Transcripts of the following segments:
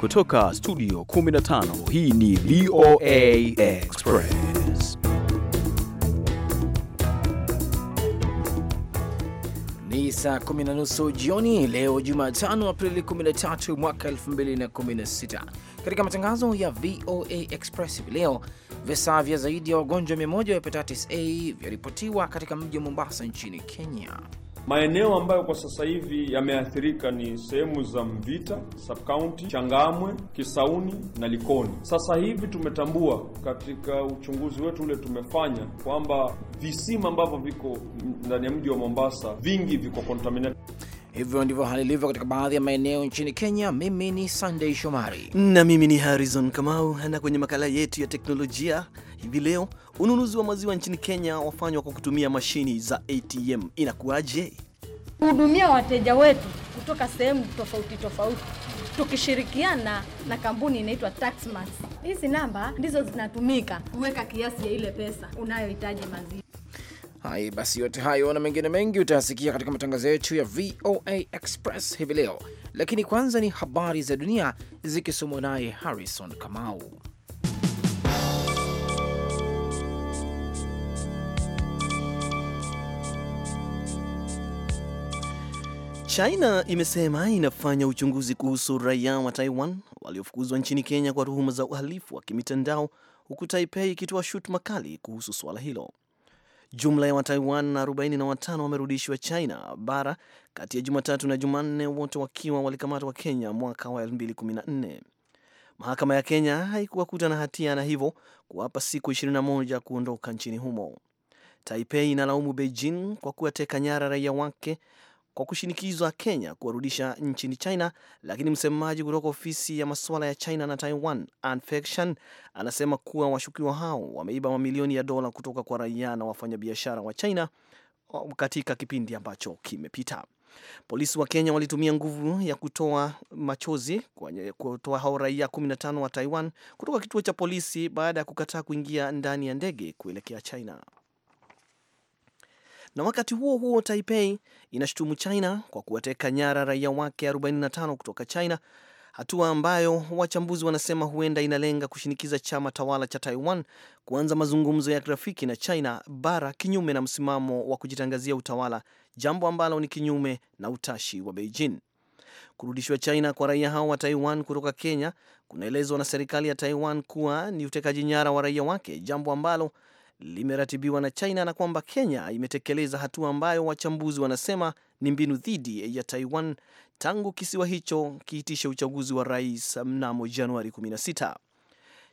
Kutoka studio 15 hii ni VOA Express. Ni saa kumi na nusu jioni leo Jumatano, Aprili 13 mwaka 2016. Katika matangazo ya VOA Express hivi leo, visa vya zaidi ya wagonjwa 100 wa hepatitis A vyaripotiwa katika mji wa Mombasa nchini Kenya. Maeneo ambayo kwa sasa hivi yameathirika ni sehemu za Mvita county, Changamwe, Kisauni na Likoni. Sasa hivi tumetambua katika uchunguzi wetu ule tumefanya kwamba visima ambavyo viko ndani ya mji wa Mombasa vingi viko contaminated. Hivyo ndivyo hali ilivyo katika baadhi ya maeneo nchini Kenya. Mimi ni Sunday Shomari na mimi ni Harrison Kamau, na kwenye makala yetu ya teknolojia Hivi leo ununuzi wa maziwa nchini Kenya wafanywa kwa kutumia mashini za ATM. Inakuwaje kuhudumia wateja wetu kutoka sehemu tofauti tofauti tukishirikiana na kampuni inaitwa Taxmas. Hizi namba ndizo zinatumika kuweka kiasi ya ile pesa unayohitaji maziwa. Hai, basi yote hayo na mengine mengi utayasikia katika matangazo yetu ya VOA Express hivi leo, lakini kwanza ni habari za dunia zikisomwa naye Harrison Kamau. China imesema inafanya uchunguzi kuhusu raia wa Taiwan waliofukuzwa nchini Kenya kwa tuhuma za uhalifu wa kimitandao huku Taipei ikitoa shutuma kali kuhusu suala hilo. Jumla ya Wataiwan 45 wamerudishwa China bara kati ya Jumatatu na Jumanne, wote wakiwa walikamatwa Kenya mwaka wa 2014. Mahakama ya Kenya haikuwakuta na hatia na hivyo kuwapa siku 21 kuondoka nchini humo. Taipei inalaumu Beijing kwa kuwateka nyara raia wake kwa kushinikizwa Kenya kuwarudisha nchini China, lakini msemaji kutoka ofisi ya masuala ya China na Taiwan, Anfection anasema kuwa washukiwa hao wameiba mamilioni ya dola kutoka kwa raia na wafanyabiashara wa China katika kipindi ambacho kimepita. Polisi wa Kenya walitumia nguvu ya kutoa machozi kutoa hao raia 15 wa Taiwan kutoka kituo cha polisi baada ya kukataa kuingia ndani ya ndege kuelekea China. Na wakati huo huo, Taipei inashutumu China kwa kuwateka nyara raia wake 45 kutoka China, hatua ambayo wachambuzi wanasema huenda inalenga kushinikiza chama tawala cha Taiwan kuanza mazungumzo ya grafiki na China bara kinyume na msimamo wa kujitangazia utawala, jambo ambalo ni kinyume na utashi wa Beijing. Kurudishwa China kwa raia hao wa Taiwan kutoka Kenya kunaelezwa na serikali ya Taiwan kuwa ni utekaji nyara wa raia wake, jambo ambalo limeratibiwa na China na kwamba Kenya imetekeleza hatua ambayo wachambuzi wanasema ni mbinu dhidi ya Taiwan tangu kisiwa hicho kiitishe uchaguzi wa rais mnamo Januari 16.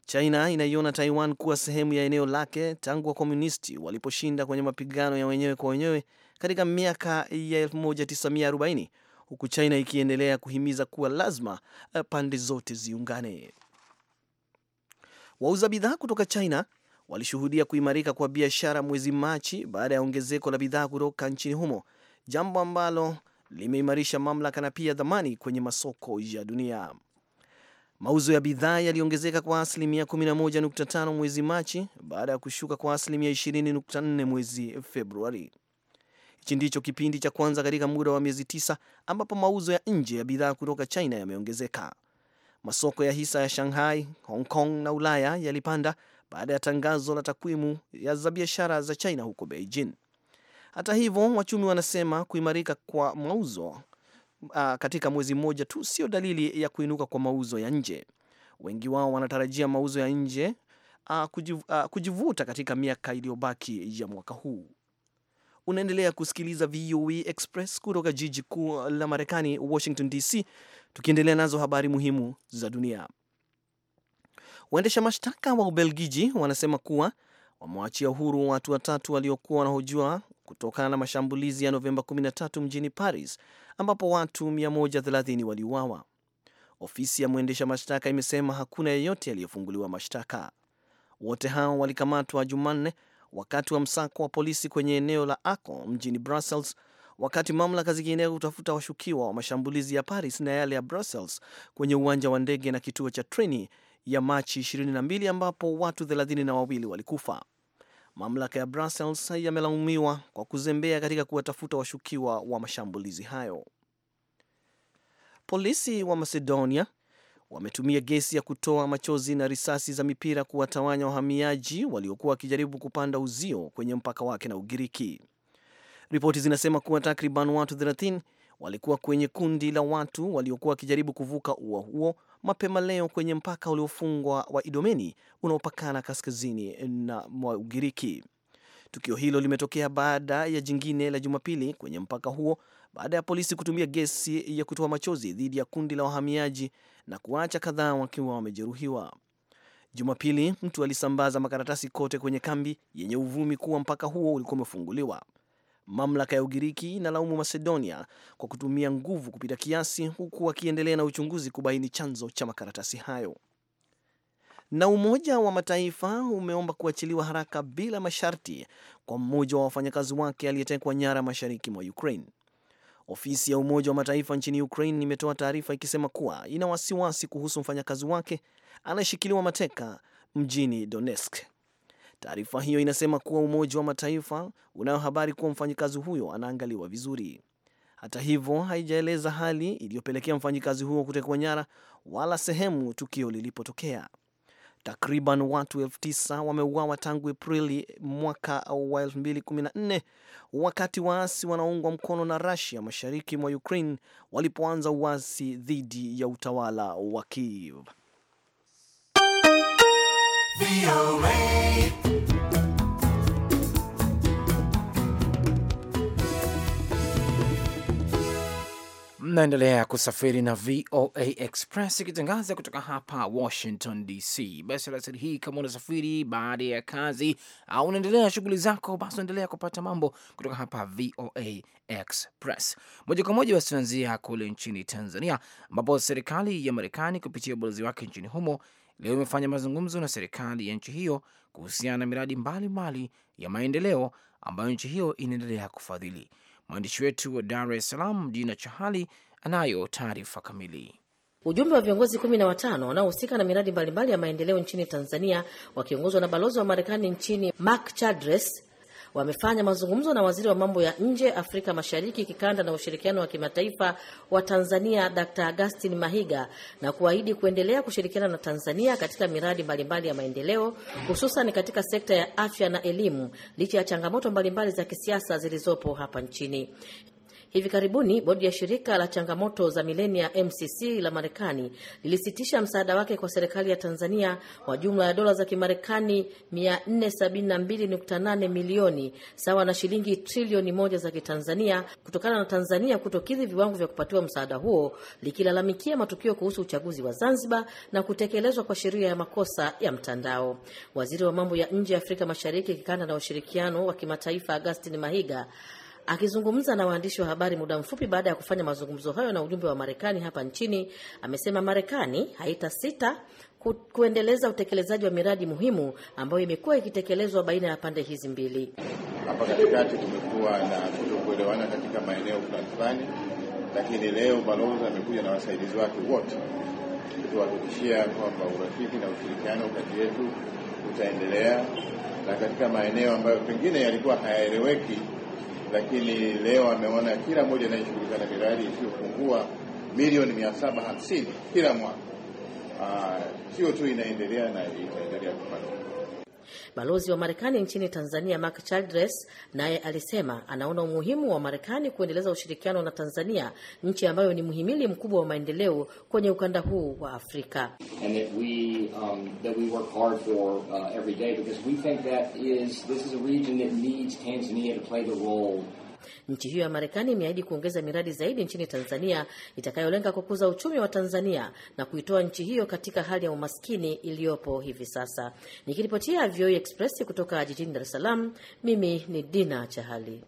China inaiona Taiwan kuwa sehemu ya eneo lake tangu wakomunisti waliposhinda kwenye mapigano ya wenyewe kwa wenyewe katika miaka ya 1940 huku China ikiendelea kuhimiza kuwa lazima eh, pande zote ziungane. Wauza bidhaa kutoka China walishuhudia kuimarika kwa biashara mwezi Machi baada ya ongezeko la bidhaa kutoka nchini humo, jambo ambalo limeimarisha mamlaka na pia dhamani kwenye masoko ya dunia. Mauzo ya bidhaa yaliongezeka kwa asilimia 11.5 mwezi Machi baada ya kushuka kwa asilimia 20.4 mwezi Februari. Hichi ndicho kipindi cha kwanza katika muda wa miezi tisa ambapo mauzo ya nje ya bidhaa kutoka China yameongezeka. Masoko ya hisa ya Shanghai, Hong Kong na Ulaya yalipanda baada ya tangazo la takwimu za biashara za China huko Beijing. Hata hivyo, wachumi wanasema kuimarika kwa mauzo a, ah, katika mwezi mmoja tu sio dalili ya kuinuka kwa mauzo ya nje. Wengi wao wanatarajia mauzo ya nje a, ah, kujiv, a, ah, kujivuta katika miaka iliyobaki ya mwaka huu. Unaendelea kusikiliza VOA e Express kutoka jiji kuu la Marekani, Washington DC, tukiendelea nazo habari muhimu za dunia. Waendesha mashtaka wa Ubelgiji wanasema kuwa wamewachia uhuru watu watatu waliokuwa wanahojiwa kutokana na mashambulizi ya Novemba 13 mjini Paris ambapo watu 130 waliuawa. Ofisi ya mwendesha mashtaka imesema hakuna yeyote aliyefunguliwa mashtaka. Wote hao walikamatwa Jumanne wakati wa msako wa polisi kwenye eneo la Aco mjini Brussels, wakati mamlaka zikiendelea kutafuta washukiwa wa mashambulizi ya Paris na yale ya Brussels kwenye uwanja wa ndege na kituo cha treni ya Machi 22 ambapo watu wawili walikufa. Mamlaka ya Brussels yamelaumiwa kwa kuzembea katika kuwatafuta washukiwa wa mashambulizi hayo. Polisi wa Macedonia wametumia gesi ya kutoa machozi na risasi za mipira kuwatawanya wahamiaji waliokuwa wakijaribu kupanda uzio kwenye mpaka wake na Ugiriki. Ripoti zinasema kuwa takriban watu 30 walikuwa kwenye kundi la watu waliokuwa wakijaribu kuvuka ua huo mapema leo kwenye mpaka uliofungwa wa Idomeni unaopakana kaskazini na mwa Ugiriki. Tukio hilo limetokea baada ya jingine la Jumapili kwenye mpaka huo baada ya polisi kutumia gesi ya kutoa machozi dhidi ya kundi la wahamiaji na kuacha kadhaa wakiwa wamejeruhiwa. Jumapili, mtu alisambaza makaratasi kote kwenye kambi yenye uvumi kuwa mpaka huo ulikuwa umefunguliwa. Mamlaka ya Ugiriki inalaumu Macedonia kwa kutumia nguvu kupita kiasi, huku wakiendelea na uchunguzi kubaini chanzo cha makaratasi hayo. Na Umoja wa Mataifa umeomba kuachiliwa haraka bila masharti kwa mmoja wa wafanyakazi wake aliyetekwa nyara mashariki mwa Ukraine. Ofisi ya Umoja wa Mataifa nchini Ukraine imetoa taarifa ikisema kuwa ina wasiwasi kuhusu mfanyakazi wake anayeshikiliwa mateka mjini Donetsk. Taarifa hiyo inasema kuwa Umoja wa Mataifa unayo habari kuwa mfanyikazi huyo anaangaliwa vizuri. Hata hivyo, haijaeleza hali iliyopelekea mfanyikazi huo kutekwa nyara wala sehemu tukio lilipotokea. Takriban watu elfu tisa wameuawa tangu Aprili mwaka wa 2014 wakati waasi wanaoungwa mkono na Russia mashariki mwa Ukraine walipoanza uasi dhidi ya utawala wa Kiev. naendelea kusafiri na VOA Express ikitangaza kutoka hapa Washington DC. Basi alasiri hii, kama unasafiri baada ya kazi au unaendelea na shughuli zako, basi unaendelea kupata mambo kutoka hapa VOA Express moja kwa moja. Basi tunaanzia kule nchini Tanzania, ambapo serikali ya Marekani kupitia ubalozi wake nchini humo leo imefanya mazungumzo na serikali ya nchi hiyo kuhusiana na miradi mbalimbali ya maendeleo ambayo nchi hiyo inaendelea kufadhili. Mwandishi wetu wa Dar es Salaam, Dina Chahali, anayo taarifa kamili. Ujumbe wa viongozi kumi na watano wanaohusika na miradi mbalimbali ya maendeleo nchini Tanzania wakiongozwa na balozi wa Marekani nchini Mark Chadres wamefanya mazungumzo na waziri wa mambo ya nje Afrika Mashariki, kikanda na ushirikiano wa kimataifa wa Tanzania Dr. Augustin Mahiga na kuahidi kuendelea kushirikiana na Tanzania katika miradi mbalimbali ya maendeleo hususan katika sekta ya afya na elimu licha ya changamoto mbalimbali za kisiasa zilizopo hapa nchini. Hivi karibuni bodi ya shirika la changamoto za milenia MCC la Marekani lilisitisha msaada wake kwa serikali ya Tanzania wa jumla ya dola za Kimarekani 472.8 milioni sawa na shilingi trilioni moja za Kitanzania kutokana na Tanzania kutokidhi viwango vya kupatiwa msaada huo, likilalamikia matukio kuhusu uchaguzi wa Zanzibar na kutekelezwa kwa sheria ya makosa ya mtandao. Waziri wa mambo ya nje ya Afrika Mashariki, kikanda na ushirikiano wa kimataifa augustin Mahiga Akizungumza na waandishi wa habari muda mfupi baada ya kufanya mazungumzo hayo na ujumbe wa Marekani hapa nchini, amesema Marekani haitasita kuendeleza utekelezaji wa miradi muhimu ambayo imekuwa ikitekelezwa baina ya pande hizi mbili. Hapa katikati tumekuwa na kutokuelewana katika maeneo fulani fulani, lakini leo balozi amekuja na wasaidizi wake wote kutuhakikishia kwamba urafiki na ushirikiano kati yetu utaendelea, na katika maeneo ambayo pengine yalikuwa hayaeleweki lakini leo ameona kila mmoja anayeshughulika na miradi isiyopungua milioni mia saba hamsini kila mwaka, ah, sio tu inaendelea na itaendelea kufanyika. Balozi wa Marekani nchini Tanzania Mark Childress naye alisema anaona umuhimu wa Marekani kuendeleza ushirikiano na Tanzania, nchi ambayo ni mhimili mkubwa wa maendeleo kwenye ukanda huu wa Afrika. Nchi hiyo ya Marekani imeahidi kuongeza miradi zaidi nchini Tanzania itakayolenga kukuza uchumi wa Tanzania na kuitoa nchi hiyo katika hali ya umaskini iliyopo hivi sasa. Nikiripotia VOA e Express kutoka jijini Dar es Salaam, mimi ni Dina Chahali.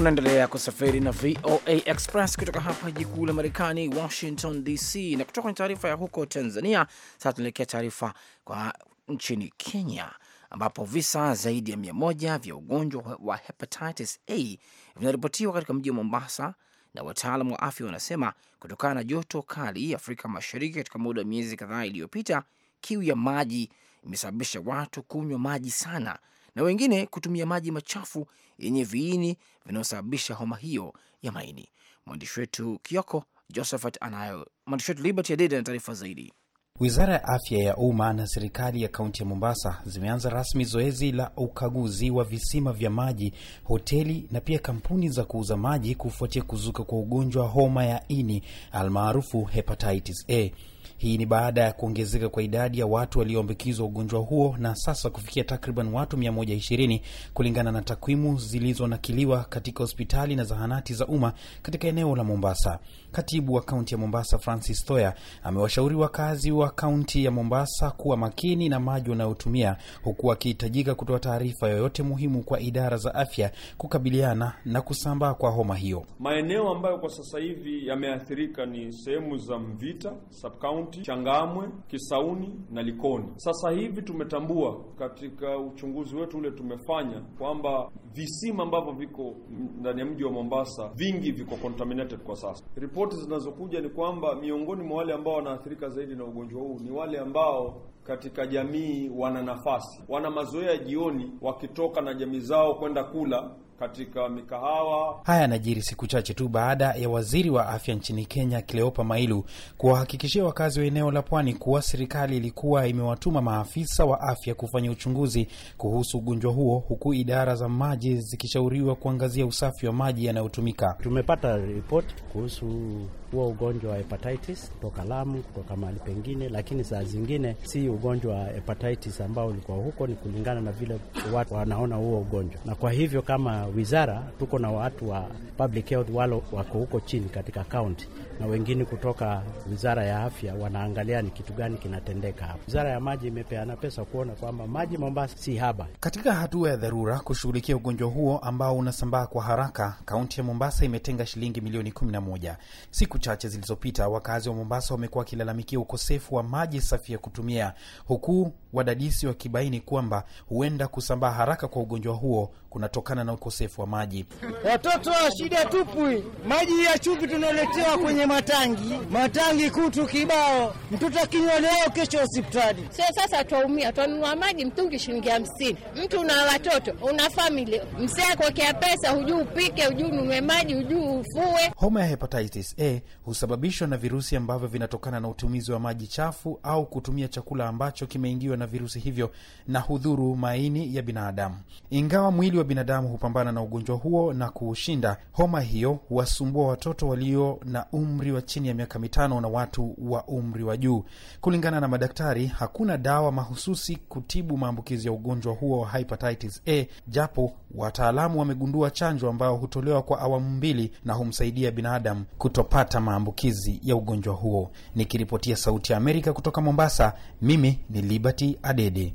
Unaendelea kusafiri na VOA Express kutoka hapa jikuu la Marekani, Washington DC. Na kutoka kwenye taarifa ya huko Tanzania, sasa tunaelekea taarifa kwa nchini Kenya, ambapo visa zaidi ya mia moja vya ugonjwa wa hepatitis A vinaripotiwa katika mji wa Mombasa, na wataalam wa afya wanasema kutokana na joto kali Afrika Mashariki katika muda wa miezi kadhaa iliyopita, kiu ya maji imesababisha watu kunywa maji sana na wengine kutumia maji machafu yenye viini vinaosababisha homa hiyo ya maini. Mwandishi wetu Kioko Josephat anayo. Mwandishi wetu Liberty Adede ana taarifa zaidi. Wizara ya afya ya umma na serikali ya kaunti ya Mombasa zimeanza rasmi zoezi la ukaguzi wa visima vya maji, hoteli na pia kampuni za kuuza maji kufuatia kuzuka kwa ugonjwa wa homa ya ini almaarufu hepatitis A. Hii ni baada ya kuongezeka kwa idadi ya watu walioambukizwa ugonjwa huo na sasa kufikia takriban watu 120 kulingana na takwimu zilizonakiliwa katika hospitali na zahanati za umma katika eneo la Mombasa. Katibu wa kaunti ya Mombasa Francis Thoya amewashauri wakazi wa kaunti ya Mombasa kuwa makini na maji wanayotumia, huku akihitajika kutoa taarifa yoyote muhimu kwa idara za afya kukabiliana na kusambaa kwa homa hiyo. Maeneo ambayo kwa sasa hivi yameathirika ni sehemu za Mvita Vingunguti, Changamwe, Kisauni na Likoni. Sasa hivi tumetambua katika uchunguzi wetu ule tumefanya kwamba visima ambavyo viko ndani ya mji wa Mombasa vingi viko contaminated kwa sasa. Ripoti zinazokuja ni kwamba miongoni mwa wale ambao wanaathirika zaidi na ugonjwa huu ni wale ambao katika jamii wana nafasi, wana mazoea jioni, wakitoka na jamii zao kwenda kula katika mikahawa. Haya yanajiri siku chache tu baada ya waziri wa afya nchini Kenya kleopa Mailu kuwahakikishia wakazi wa eneo la pwani kuwa serikali ilikuwa imewatuma maafisa wa afya kufanya uchunguzi kuhusu ugonjwa huo, huku idara za maji zikishauriwa kuangazia usafi wa maji yanayotumika. Tumepata ripoti kuhusu huo ugonjwa wa hepatitis kutoka Lamu, kutoka mahali pengine, lakini saa zingine si ugonjwa wa hepatitis ambao ulikuwa huko, ni kulingana na vile watu wanaona huo ugonjwa. Na kwa hivyo kama wizara tuko na watu wa public health walo wako huko chini katika kaunti na wengine kutoka wizara ya afya wanaangalia ni kitu gani kinatendeka hapa. Wizara ya maji imepeana pesa kuona kwamba maji Mombasa si haba. Katika hatua ya dharura kushughulikia ugonjwa huo ambao unasambaa kwa haraka, kaunti ya Mombasa imetenga shilingi milioni 11. Siku chache zilizopita, wakazi wa Mombasa wamekuwa wakilalamikia ukosefu wa maji safi ya kutumia, huku wadadisi wakibaini kwamba huenda kusambaa haraka kwa ugonjwa huo kunatokana na ukosefu wa maji. Watoto wa shida tupu, maji ya chupi tunaletewa kwenye matangi, matangi kutu kibao, mtoto akinywa leo, kesho hospitali. Sio sasa twaumia, twanunua maji mtungi shilingi hamsini. Mtu una watoto, una famili, msee akuwekea pesa, hujuu upike, hujuu ununue maji, hujuu ufue. Homa ya hepatitis A husababishwa na virusi ambavyo vinatokana na utumizi wa maji chafu au kutumia chakula ambacho kimeingiwa na virusi hivyo na hudhuru maini ya binadamu. Ingawa mwili wa binadamu hupambana na ugonjwa huo na kuushinda, homa hiyo huwasumbua watoto walio na umri umri wa chini ya miaka mitano na watu wa umri wa juu. Kulingana na madaktari, hakuna dawa mahususi kutibu maambukizi ya ugonjwa huo wa hepatitis A, japo wataalamu wamegundua chanjo ambayo hutolewa kwa awamu mbili na humsaidia binadamu kutopata maambukizi ya ugonjwa huo. Nikiripotia Sauti ya Amerika kutoka Mombasa, mimi ni Liberty Adede.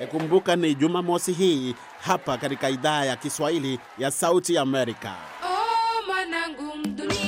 ekumbuka ni Jumamosi hii hapa katika idhaa ya Kiswahili ya Sauti Amerika. Oh,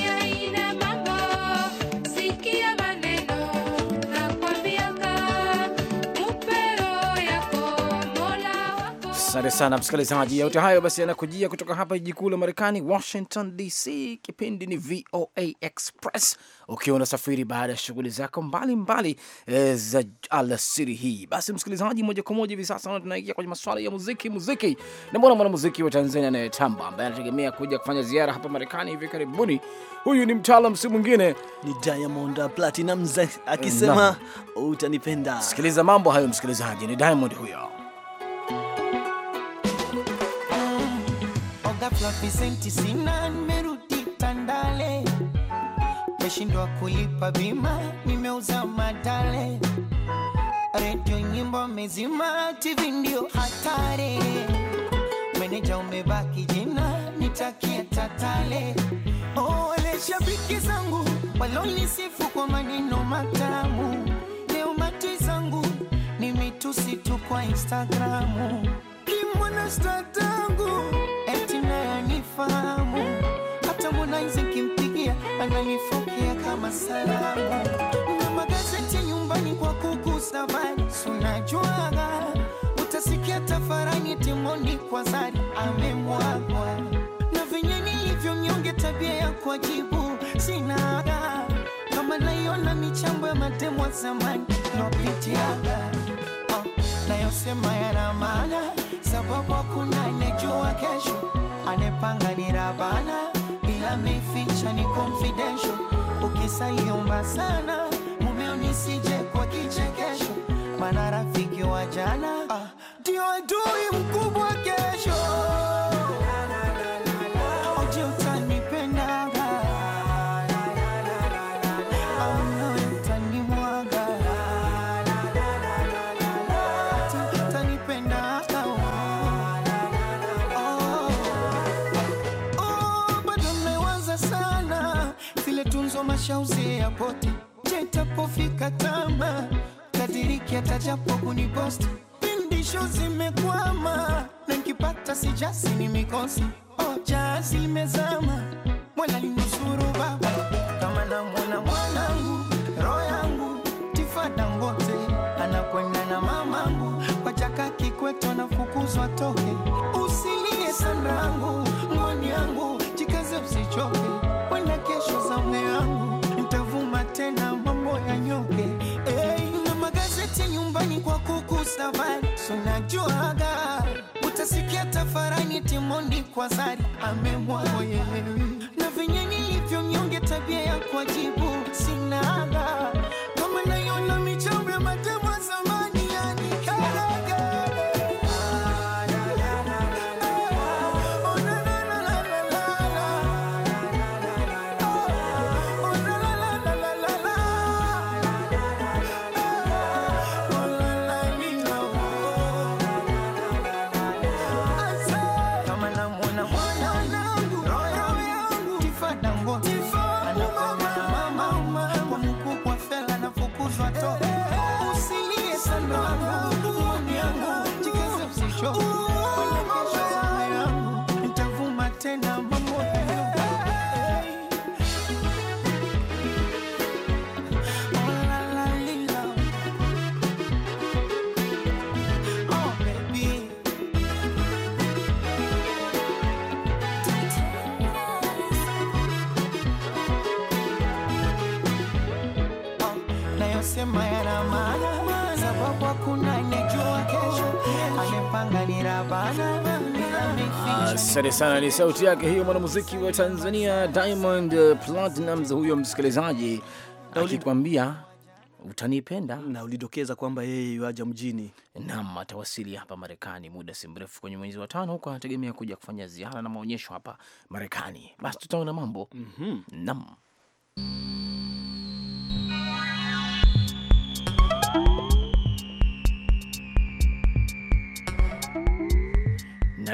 Asante sana msikilizaji, yote hayo basi yanakujia kutoka hapa jiji kuu la Marekani, Washington DC. Kipindi ni VOA Express, ukiwa unasafiri baada ya shughuli zako mbalimbali eh, za alasiri hii. Basi msikilizaji, moja kwa moja hivi sasa tunaingia kwenye maswala ya muziki. Muziki na mbona mwanamuziki wa Tanzania anayetamba ambaye anategemea kuja kufanya ziara hapa Marekani hivi karibuni, huyu ni mtaalam, si mwingine ni Diamond Platinumz akisema utanipenda. Sikiliza mambo hayo msikilizaji, ni Diamond huyo. ngapi senti sina, nimerudi Tandale, meshindwa kulipa bima, nimeuza matale, redio nyimbo mezima, TV ndio hatari, meneja umebaki jina, nitakia tatale. Ole oh, shabiki zangu walonisifu kwa maneno matamu, leo mati zangu ni mitusi tu kwa Instagramu, kimwana statangu nifahamu, hata Harmonize kimpigia ananifokea kama salamu, na magazeti nyumbani kwa kuku savani, sunajuaga utasikia tafarani timoni kwa zari amemwagwa, na venye nilivyo mnyonge, tabia ya kuajibu sina kama naiona michambo ya wa zamani napitiaga oh, nayosema yana maana sababu hakuna anejua kesho anepanga ni Rabana, bila mificha ni confidential. Ukisaliomba sana mumeo nisije kwa kichekesho, mana rafiki wa jana ah, ndio adui mkuu kushusha poti ya boti tama kadiriki atajapo kuni kuniposti pindisho zimekwama na nkipata sijasi ni mikosi ojazi imezama ni nusuru baba kama namwona mwanangu roho yangu tifada ngote anakwenda na mamangu wachaka kikweto na fukuzwa toke usilie sandangu mwani yangu jikaze usichoke kwenda kesho za mume yangu Savali sunajuaga utasikia tafarani timoni kwa zari amemwaga na venye nilivyo mnyonge tabia ya kuajibu sinaga kama nayona Asante sana, ni sauti yake hiyo, mwanamuziki wa Tanzania Diamond Platnumz huyo, msikilizaji akikwambia utanipenda na ulidokeza kwamba yeye yuaja mjini. nam atawasili hapa Marekani muda si mrefu, kwenye mwezi wa tano huko anategemea kuja kufanya ziara na maonyesho hapa Marekani. Basi tutaona mambo. mm -hmm. Naam.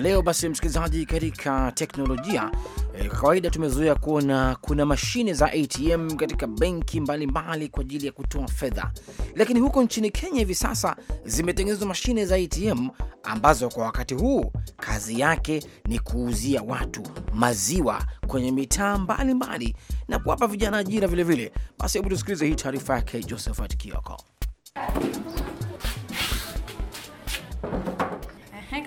leo basi, msikilizaji, katika teknolojia eh, kwa kawaida tumezoea kuona kuna mashine za ATM katika benki mbalimbali kwa ajili ya kutoa fedha, lakini huko nchini Kenya hivi sasa zimetengenezwa mashine za ATM ambazo kwa wakati huu kazi yake ni kuuzia watu maziwa kwenye mitaa mbalimbali na kuwapa vijana ajira vilevile. Basi hebu tusikilize hii taarifa yake Josephat Kioko.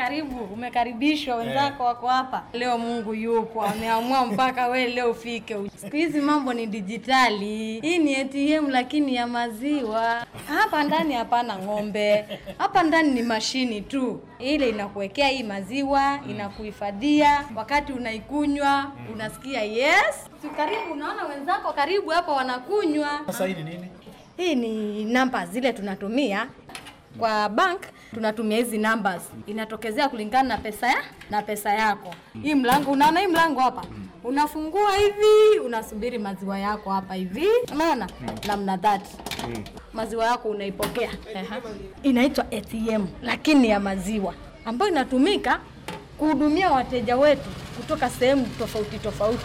karibu, umekaribishwa, wenzako eh. wako hapa leo. Mungu yupo, ameamua mpaka we leo ufike. Siku hizi mambo ni dijitali. Hii ni ATM lakini ya maziwa. Hapa ndani hapana ng'ombe, hapa ndani ni mashini tu, ile inakuwekea hii maziwa, mm. inakuhifadhia. Wakati unaikunywa mm. unasikia yes, karibu. Unaona wenzako karibu hapa wanakunywa. Sasa hii ni nini? Hii ni namba zile tunatumia kwa bank tunatumia hizi numbers, inatokezea kulingana na pesa ya na pesa yako. Hii mlango, unaona hii mlango hapa, unafungua hivi, unasubiri maziwa yako hapa hivi, unaona hmm. namna that hmm. maziwa yako unaipokea. Inaitwa ATM lakini ya maziwa ambayo inatumika kuhudumia wateja wetu kutoka sehemu tofauti tofauti,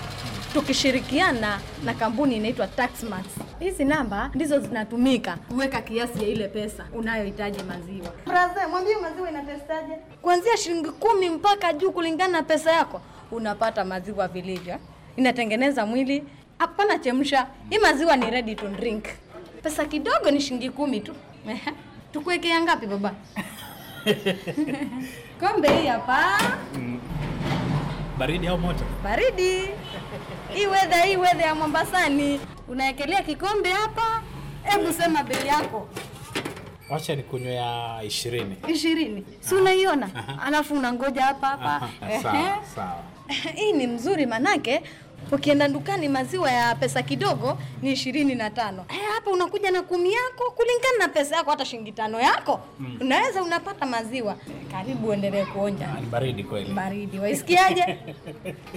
tukishirikiana na kampuni inaitwa Taxmax. Hizi namba ndizo zinatumika kuweka kiasi ya ile pesa unayohitaji maziwa. Braza, mwambie maziwa inatestaje? kuanzia shilingi kumi mpaka juu, kulingana na pesa yako unapata maziwa vilivyo, inatengeneza mwili, hapana chemsha. Hii maziwa ni ready to drink, pesa kidogo, ni shilingi kumi tu. Tukuwekea ngapi baba? kombe hii hapa. Mm. Baridi au moto? Baridi. Hii weather, hii weather ya Mombasani unaekelea kikombe hapa, hebu sema bei yako. Wacha ni nikunywe ya ishirini ishirini, si unaiona? Alafu unangoja hapa hapa. Sawa sawa. Hii ni mzuri manake ukienda dukani maziwa ya pesa kidogo ni ishirini na tano. Eh, hapa unakuja na kumi yako kulingana na pesa yako, hata shilingi tano yako mm. unaweza unapata maziwa. Karibu, uendelee kuonja. Baridi kweli, baridi waisikiaje?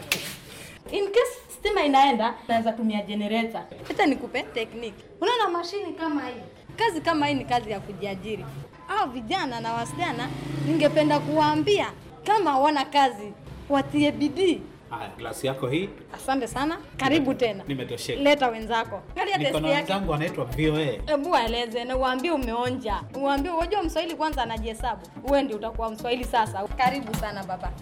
in case stima inaenda, naweza tumia generator. Hata nikupe technique. Unaona mashini kama hii, kazi kama hii ni kazi ya kujiajiri. Hao vijana na wasichana, ningependa kuwaambia kama wana kazi watie bidii Haya, ah, glasi yako hii. Asante sana, karibu tena. Nimetosheka. Leta wenzako. Mwenzangu anaitwa VOA. Hebu aeleze na uambie umeonja, uambie unajua Mswahili kwanza anajihesabu. Wewe ndio utakuwa Mswahili sasa. Karibu sana baba.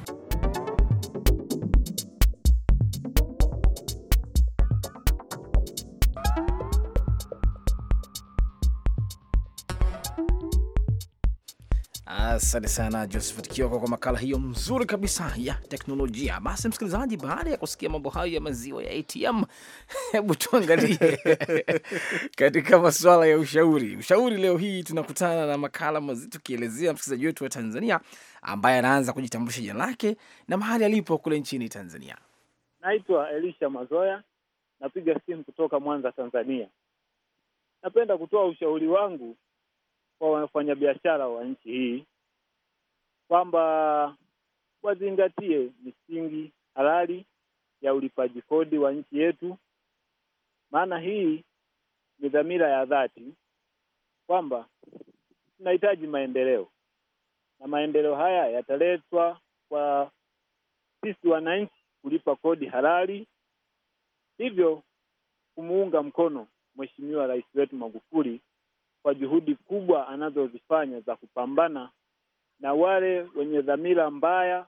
Asante sana Josephat Kioko kwa makala hiyo mzuri kabisa ya teknolojia. Basi msikilizaji, baada ya kusikia mambo hayo ya maziwa ya ATM, hebu tuangalie katika masuala ya ushauri. Ushauri leo hii tunakutana na makala mazito, tukielezea msikilizaji wetu wa Tanzania ambaye anaanza kujitambulisha jina lake na mahali alipo kule nchini Tanzania. Naitwa Elisha Mazoya, napiga simu kutoka Mwanza, Tanzania. Napenda kutoa ushauri wangu kwa wafanyabiashara wa nchi hii kwamba wazingatie misingi halali ya ulipaji kodi wa nchi yetu, maana hii ni dhamira ya dhati kwamba tunahitaji maendeleo na maendeleo haya yataletwa kwa sisi wananchi kulipa kodi halali, hivyo kumuunga mkono Mheshimiwa Rais wetu Magufuli kwa juhudi kubwa anazozifanya za kupambana na wale wenye dhamira mbaya,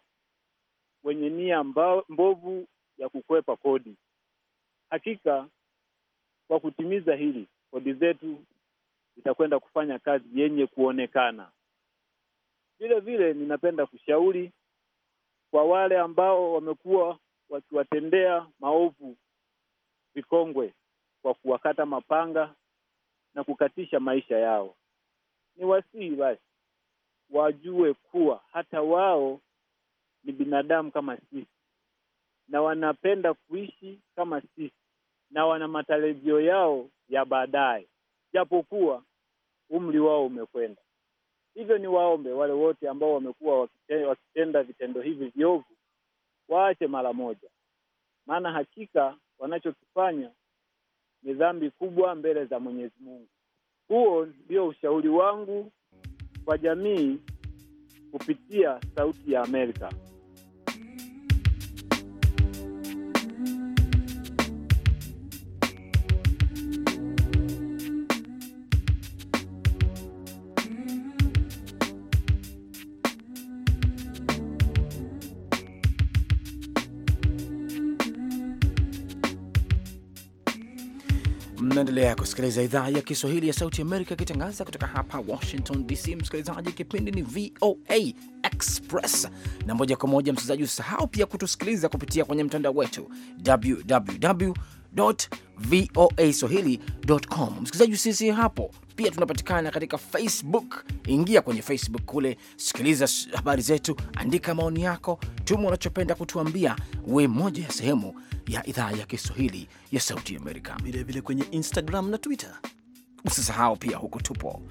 wenye nia mbovu ya kukwepa kodi. Hakika kwa kutimiza hili, kodi zetu zitakwenda kufanya kazi yenye kuonekana. Vile vile ninapenda kushauri kwa wale ambao wamekuwa wakiwatendea maovu vikongwe kwa kuwakata mapanga na kukatisha maisha yao. Ni wasihi basi wajue kuwa hata wao ni binadamu kama sisi, na wanapenda kuishi kama sisi, na wana matarajio yao ya baadaye, japokuwa umri wao umekwenda. Hivyo ni waombe wale wote ambao wamekuwa wakitenda vitendo hivi viovu waache mara moja, maana hakika wanachokifanya ni dhambi kubwa mbele za Mwenyezi Mungu. Huo ndio ushauri wangu kwa jamii kupitia Sauti ya Amerika. Unaendelea kusikiliza idhaa ya Kiswahili ya Sauti Amerika ikitangaza kutoka hapa Washington DC. Msikilizaji, kipindi ni VOA Express na moja kwa moja. Msikilizaji, usahau pia kutusikiliza kupitia kwenye mtandao wetu www voa swahili.com. Msikilizaji, sisi hapo pia tunapatikana katika Facebook. Ingia kwenye Facebook kule, sikiliza habari zetu, andika maoni yako, tuma unachopenda kutuambia. We moja ya sehemu ya idhaa ya Kiswahili ya Sauti Amerika, vilevile kwenye Instagram na Twitter. Usisahau pia huko tupo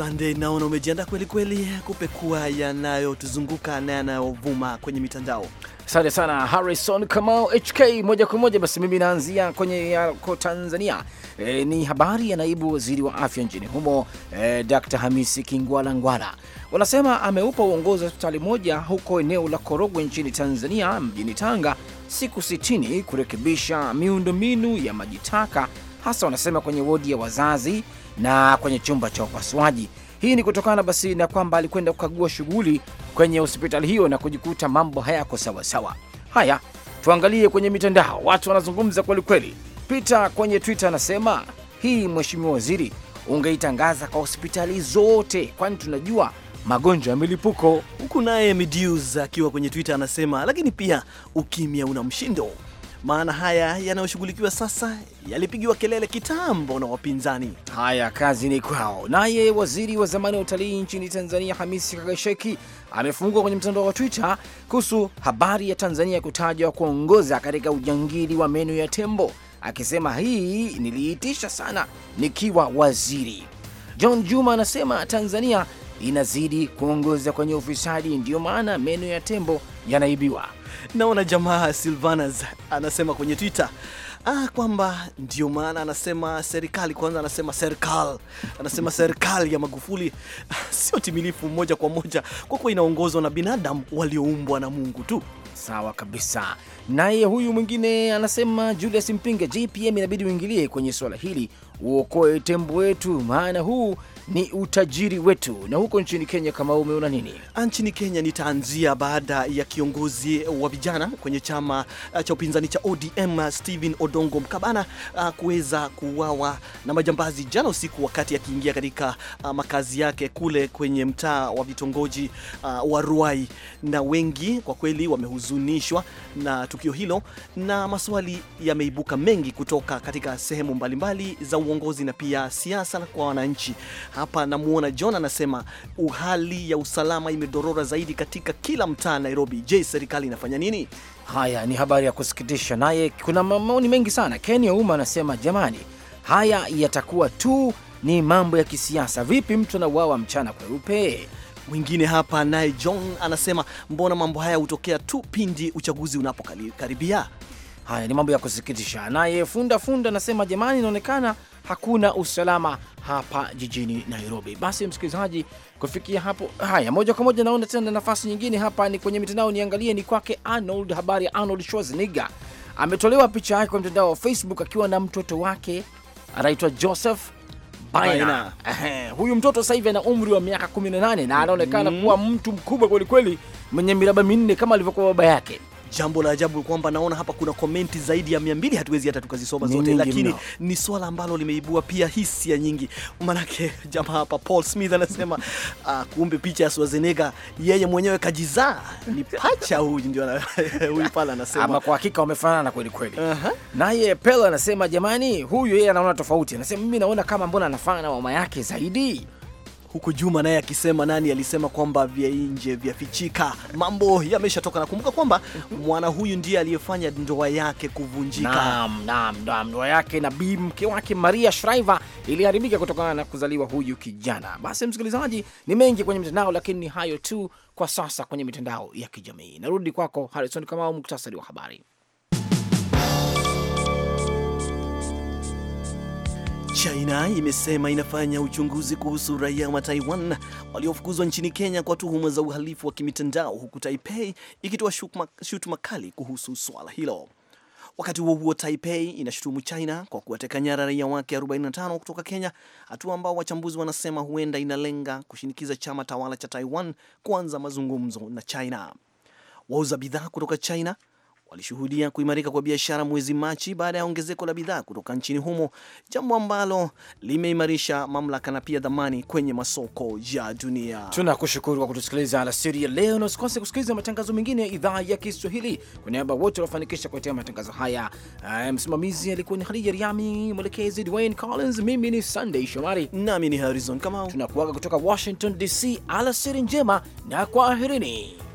Sande, naona umejiandaa kweli kweli kupekua yanayotuzunguka na yanayovuma kwenye mitandao. Asante sana Harrison Kamau HK. Moja kwa moja basi, mimi naanzia kwenye yako Tanzania. E, ni habari ya naibu waziri wa afya nchini humo e, Dr. Hamisi Kingwalangwala wanasema ameupa uongozi wa hospitali moja huko eneo la Korogwe nchini Tanzania, mjini Tanga, siku 60 kurekebisha miundombinu ya maji taka, hasa wanasema kwenye wodi ya wazazi na kwenye chumba cha upasuaji. Hii ni kutokana basi na kwamba alikwenda kukagua shughuli kwenye hospitali hiyo na kujikuta mambo hayako sawasawa. Haya, tuangalie kwenye mitandao, watu wanazungumza kwelikweli. Peter kwenye Twitter anasema hii, mheshimiwa waziri, ungeitangaza kwa hospitali zote, kwani tunajua magonjwa ya milipuko. Huku naye Midius akiwa kwenye Twitter anasema, lakini pia ukimya una mshindo maana haya yanayoshughulikiwa sasa yalipigiwa kelele kitambo na wapinzani. Haya, kazi ni kwao. Naye waziri wa zamani wa utalii nchini Tanzania Hamisi Kagasheki amefungwa kwenye mtandao wa Twitter kuhusu habari ya Tanzania kutajwa kuongoza katika ujangili wa meno ya tembo, akisema hii niliitisha sana nikiwa waziri. John Juma anasema Tanzania inazidi kuongoza kwenye ufisadi, ndiyo maana meno ya tembo yanaibiwa. Naona jamaa Silvanas anasema kwenye Twitter ah, kwamba ndio maana anasema serikali kwanza, anasema serikali, anasema serikali ya Magufuli sio timilifu moja kwa moja, kwa kuwa inaongozwa na binadamu walioumbwa na Mungu tu. Sawa kabisa. Naye huyu mwingine anasema Julius Mpinga, JPM inabidi uingilie kwenye swala hili, uokoe tembo wetu, maana huu ni utajiri wetu. Na huko nchini Kenya, kama umeona nini? Ah, nchini Kenya nitaanzia baada ya kiongozi eh, wa vijana kwenye chama eh, cha upinzani cha ODM Stephen Odongo Mkabana ah, kuweza kuuawa na majambazi jana usiku wakati akiingia katika ah, makazi yake kule kwenye mtaa wa vitongoji uh, wa Ruai, na wengi kwa kweli wamehuzunishwa na tukio hilo, na maswali yameibuka mengi kutoka katika sehemu mbalimbali za uongozi na pia siasa kwa wananchi hapa namuona John anasema hali ya usalama imedorora zaidi katika kila mtaa Nairobi. Je, serikali inafanya nini? Haya ni habari ya kusikitisha. Naye kuna maoni mengi sana. Ken Uma anasema jamani, haya yatakuwa tu ni mambo ya kisiasa. Vipi mtu anauawa mchana kweupe? Mwingine hapa naye John anasema mbona mambo haya hutokea tu pindi uchaguzi unapokaribia. Haya ni mambo ya kusikitisha. Naye Funda Funda anasema jamani, inaonekana hakuna usalama hapa jijini Nairobi. Basi msikilizaji, kufikia hapo, haya moja kwa moja naona tena nafasi nyingine hapa ni kwenye mitandao, niangalie ni kwake Arnold. Habari ya Arnold Schwarzenegger, ametolewa picha yake kwenye mtandao wa Facebook akiwa na mtoto wake anaitwa Joseph Baina. Huyu mtoto sasa hivi ana umri wa miaka 18 na anaonekana mm, kuwa mtu mkubwa kwelikweli mwenye miraba minne kama alivyokuwa baba yake. Jambo la ajabu kwamba naona hapa kuna komenti zaidi ya mbili hatuwezi hata tukazisoma zote, lakini mna. ni swala ambalo limeibua pia hisia nyingi, manake jamaa hapa Paul Smith anasema uh, kumbe picha ya swazenega yeye mwenyewe kajizaa ni pacha huyu, ndio huyu pale anasema, ama kwa hakika wamefanana kweli kweli. uh -huh. Naye Pel anasema jamani, huyu yeye anaona tofauti, anasema mimi naona kama mbona anafana na mama yake zaidi huku Juma naye akisema nani alisema kwamba vya nje vyafichika, mambo yameshatoka. Nakumbuka kwamba mwana huyu ndiye aliyefanya ndoa yake kuvunjika. Naam, naam, naam, ndoa yake na bi mke wake Maria Shriver iliharibika kutokana na kuzaliwa huyu kijana. Basi msikilizaji, ni mengi kwenye mitandao, lakini ni hayo tu kwa sasa kwenye mitandao ya kijamii. Narudi kwako Harrison Kamau, muktasari wa habari. China imesema inafanya uchunguzi kuhusu raia wa Taiwan waliofukuzwa nchini Kenya kwa tuhuma za uhalifu wa kimitandao huku Taipei ikitoa shutuma kali kuhusu swala hilo. Wakati huo huo, Taipei inashutumu China kwa kuwateka nyara raia wake 45 kutoka Kenya, hatua ambao wachambuzi wanasema huenda inalenga kushinikiza chama tawala cha Taiwan kuanza mazungumzo na China. Wauza bidhaa kutoka China walishuhudia kuimarika kwa biashara mwezi Machi baada ya ongezeko la bidhaa kutoka nchini humo, jambo ambalo limeimarisha mamlaka na pia dhamani kwenye masoko ya dunia. Tunakushukuru kwa kutusikiliza alasiri ya leo, na usikose kusikiliza matangazo mengine ya idhaa ya Kiswahili. Kwa niaba wote waliofanikisha kuletea matangazo haya, eh, msimamizi alikuwa ni Khadija Riami, mwelekezi Dwayne Collins, mimi ni Sunday Shomari nami ni Harrison Kamau. Tunakuaga kutoka Washington DC, alasiri njema na kwaherini.